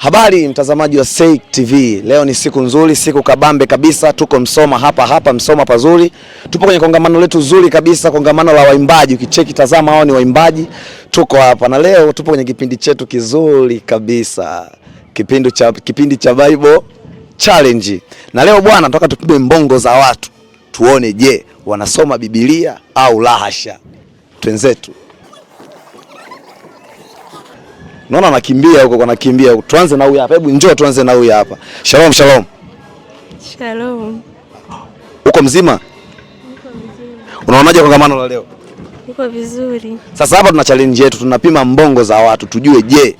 Habari mtazamaji wa SEIC TV, leo ni siku nzuri, siku kabambe kabisa. Tuko Msoma hapa hapa Msoma pazuri, tupo kwenye kongamano letu zuri kabisa, kongamano la waimbaji. Ukicheki tazama, hao ni waimbaji, tuko hapa na leo tupo kwenye kipindi chetu kizuri kabisa, kipindi cha, kipindi cha Bible Challenge. Na leo bwana, nataka tupige mbongo za watu tuone, je, wanasoma Biblia au lahasha? Twenzetu. Unaona anakimbia huko, anakimbia huko. Tuanze na huyu hapa. Hebu njoo tuanze na huyu hapa. Shalom, shalom. Shalom. Uko mzima? Uko mzima. Unaonaje kongamano la leo? Uko vizuri. Sasa hapa tuna challenge yetu, tunapima mbongo za watu tujue, je,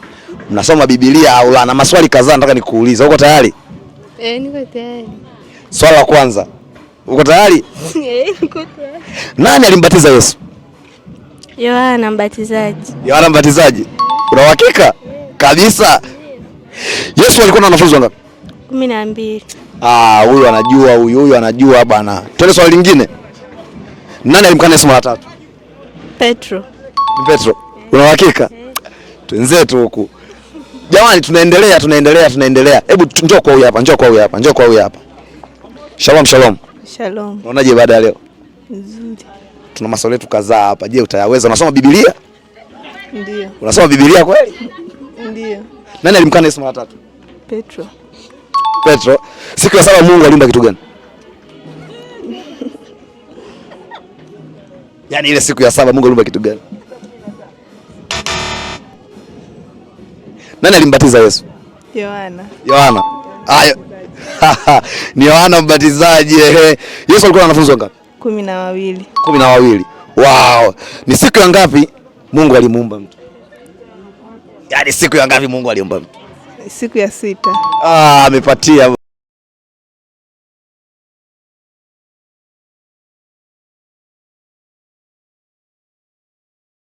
mnasoma Biblia au la? Na maswali kadhaa nataka nikuulize. Uko tayari? Eh, niko tayari. Swali la kwanza. Uko tayari? Eh, niko tayari. Nani alimbatiza Yesu? Yohana Mbatizaji. Yohana Mbatizaji. Una uhakika? Kabisa. Yesu alikuwa na wanafunzi wangapi? Kumi na mbili. Ah, huyu anajua huyu, huyu anajua bana. Twende swali lingine. Nani alimkana Yesu mara tatu? Petro. Ni Petro. Una uhakika? Twenzetu huku. Jamani, tunaendelea tunaendelea tunaendelea. Hebu njoo kwa huyu hapa, njoo kwa huyu hapa, njoo kwa huyu hapa. Shalom, shalom. Shalom. Unaonaje baada ya leo? Nzuri. Tuna maswali yetu kadhaa hapa. Je, utayaweza? Unasoma Biblia? Ndiyo. Unasoma Biblia kweli? Ndiyo. Nani alimkana Yesu mara tatu? Petro. Petro. Siku ya saba Mungu aliumba kitu gani? Yaani ile siku ya saba Mungu aliumba kitu gani? Nani alimbatiza Yesu? Yohana. Yohana. yo. Ni Yohana Mbatizaji. Yesu alikuwa na wanafunzi wangapi? Kumi na wawili. Kumi na wawili. Wow. Ni siku ya ngapi Mungu alimuumba mtu yaani, siku ya ngapi Mungu aliumba mtu? Siku ya sita. Ah, amepatia